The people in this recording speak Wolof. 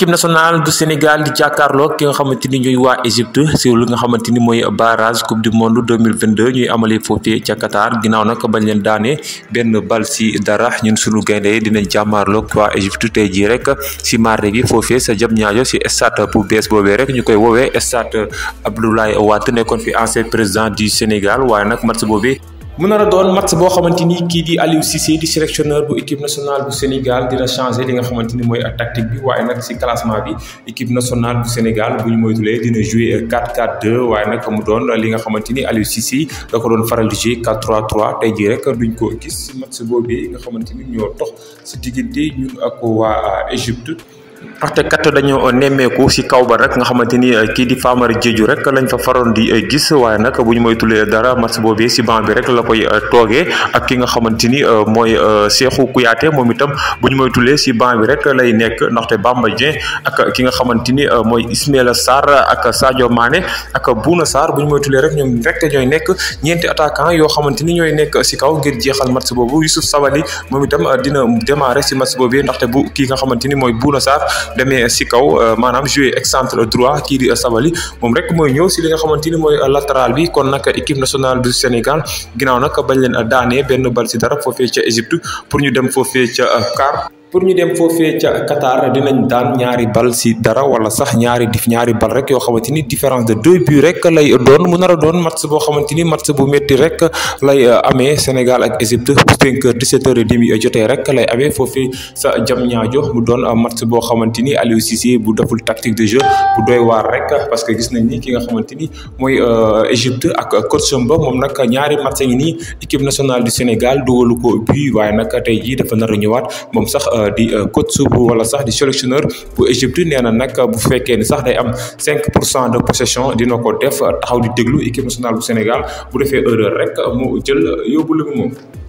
équipe nationale du Sénégal di jàkkaarloo ki nga xamante ni ñuy waa Égypte si lu nga xamante ni mooy barrage coupe du monde deux mille vingt deux ñuy amalee foofee ca Qatar ginnaaw nag bañ leen daane benn bal si dara ñun suñu gaynde dinañ jàmmaarloo waa Égypte tey jii rek si mardi gi foofe sa jëm ñaajo si stade bu bees boobee rek ñu koy woowee stade Abdoulaye Wade nekkoon fi ancien président du Sénégal waaye nag match boobee. mu nar a doon match boo xamante ni kii di Aliou Cissé di sélectionneur bu équipe nationale bu Sénégal dina changé li nga xamante ni mooy tactique bi waaye nag si classement bi équipe nationale bu Sénégal bu ñu moytulee dina jouer 4-4-2 waaye nag mu doon li nga xamante ni Aliou Cissé da ko doon faral di jouer 4 3 tey jii rek duñ ko gis match boobee nga xamante ni ñoo dox si diggante ñun ak waa Égypte. waxte kat dañoo nemmeeku si kaw ba rek nga xamante ni eh, kii di Famara jeeju rek lañ fa faroon di eh, gis waaye nag bu ñu moytulee dara match boobee si banc bi rek la koy eh, toogee ak ki nga xamante ni mooy Cheikhou Kouyaté moom itam bu ñu moytulee si banc bi rek lay nekk ndaxte Bamba Dieng ak ki nga xamante ni mooy Ismaïla Sarr ak Sadio Mané ak Bouna Sarr bu ñu moytulee rek ñoom rek ñooy nekk ñeenti attaquant yoo xamante ni ñooy nekk si kaw ngir jeexal mats boobu Youssouf Sabaly moom itam dina demaare si match boobee ndaxte bu ki nga xamante ni mooy Bouna Sarr demee si kaw euh, maanaam joué exentre droit kii di euh, Sabaly moom rek mooy ñëw si li nga xamante ni mooy euh, latéral bi kon nag équipe nationale du Sénégal ginaaw nag bañ leen daanee benn bal si dara foofee ca Égypte pour ñu dem foofee ca CAR pour ñu dem foofee ca Qatar dinañ daan ñaari bal si dara wala sax ñaari dif ñaari bal rek yoo xamante ni différence de deux buts rek lay doon mu nar doon match boo xamante ni match bu métti rek lay euh, amee Sénégal ak Égypte bu 5 heures 17 heures et demi rek lay amee foofee sa jam ñaajo mu doon euh, match boo xamante ni Aliou Cissé bu deful tactique de jeu bu doy waar rek parce que gis nañ ni ki nga xamante ni mooy euh, Égypte ak coach ba moom nag ñaari match ngi nii équipe nationale du Sénégal dugalu ko but waaye nag tey jii dafa nar ñëwaat moom sax. Euh, di euh, coach bu wala sax di sélectionneur bu Égypte nee na nag bu fekkee ni sax day am cinq pour cent de possession dina ko def taxaw di déglu équipe nationale bu Sénégal bu defee erreur rek mu jël yóbbu la moom.